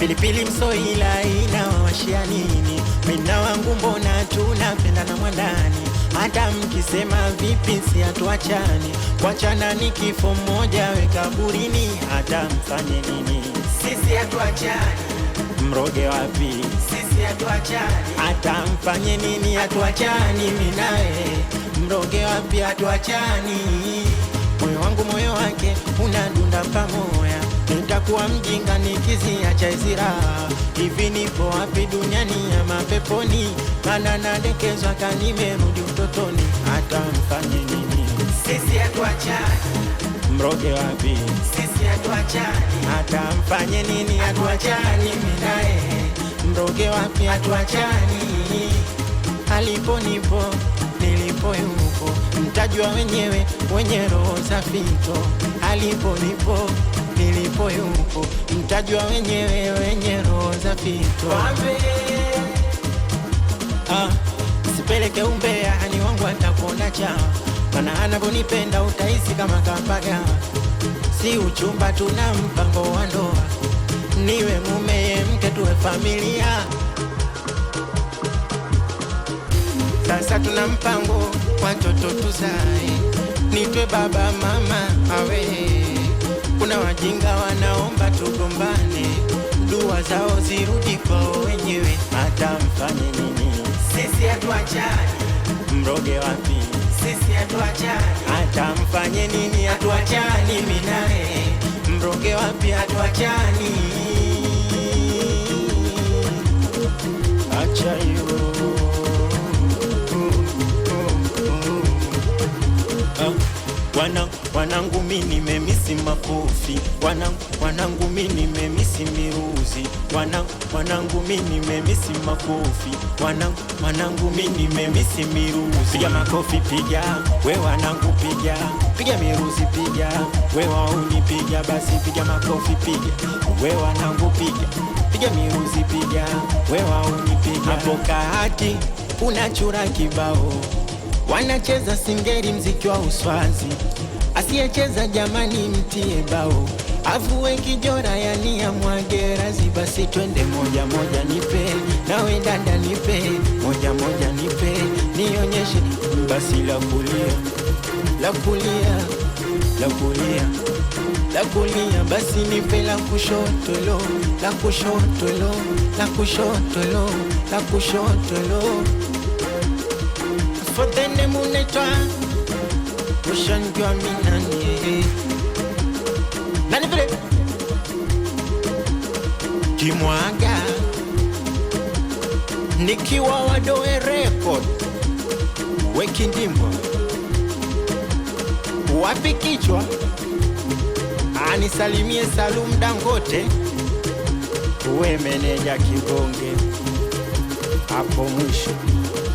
pilipili msoila inawawashia nini? Mina wangu mbona tunapenda na mwandani, hata mkisema vipi si hatuachani, kwachana ni kifo mmoja wekaburini kaburini, hata mfanye nini sisi hatuachani Mroge wapi? Sisi hatuachani, hata mfanye nini hatuachani. Minae mroge wapi? Hatuachani moyo wangu moyo wake unadunda pamoya, nitakuwa mjinga nikizia chaizira hivi. Nipo wapi duniani ya mapeponi? Mana nadekezwa kanimerudi utotoni, hata mfanye nini? Sisi hatuachani mroge wapi? Sisi hata mfanye nini, hatuachani minae mroge wapi? Hatuachani aliponipo tunajua wenyewe, wenye roho safi alipo nipo nilipo yupo, mtajua wenyewe, wenye roho safi mto. Ah, sipeleke umbea, ani wangu atakuona cha mana, anavyonipenda utahisi kama kapaga, si uchumba, tuna mpango wa ndoa, niwe mume, mke, tuwe familia sasa tuna mpango kwa mtoto tuzae, nitwe baba mama awe. Kuna wajinga wanaomba tugombane, dua zao zirudi kwao wenyewe, hata mfanye nini, sisi hatuachani. Mroge wapi? Sisi hatuachani, hata mfanye nini Wanangu, wanangu mimi nimemisi makofi. Wanangu, wanangu mimi nimemisi miruzi Wanangu, wanangu mimi nimemisi makofi. Wanangu, wanangu mimi nimemisi miruzi Piga makofi piga, we wanangu piga. Piga miruzi piga, we wauni piga basi piga makofi piga. We wanangu piga. Piga miruzi piga, we wauni piga. Hapo unachura kibao wanacheza singeri mziki wa uswazi. Asiyecheza jamani, mtie bao, avue kijora, yani amwage razi. Basi twende moja moja, nipe nawe dada, nipe moja moja, nipe nionyeshe, basi la kulia la kulia la kulia la kulia, basi nipe la kushoto lo la kushoto lo la kushoto lo la kushoto lo Fodene Munetwa, Russian Guaminani. Nanipere Kimwaga, nikiwa wadoe record, weki ndimbo, anisalimie Salum Dangote, we meneja kibonge hapo mwisho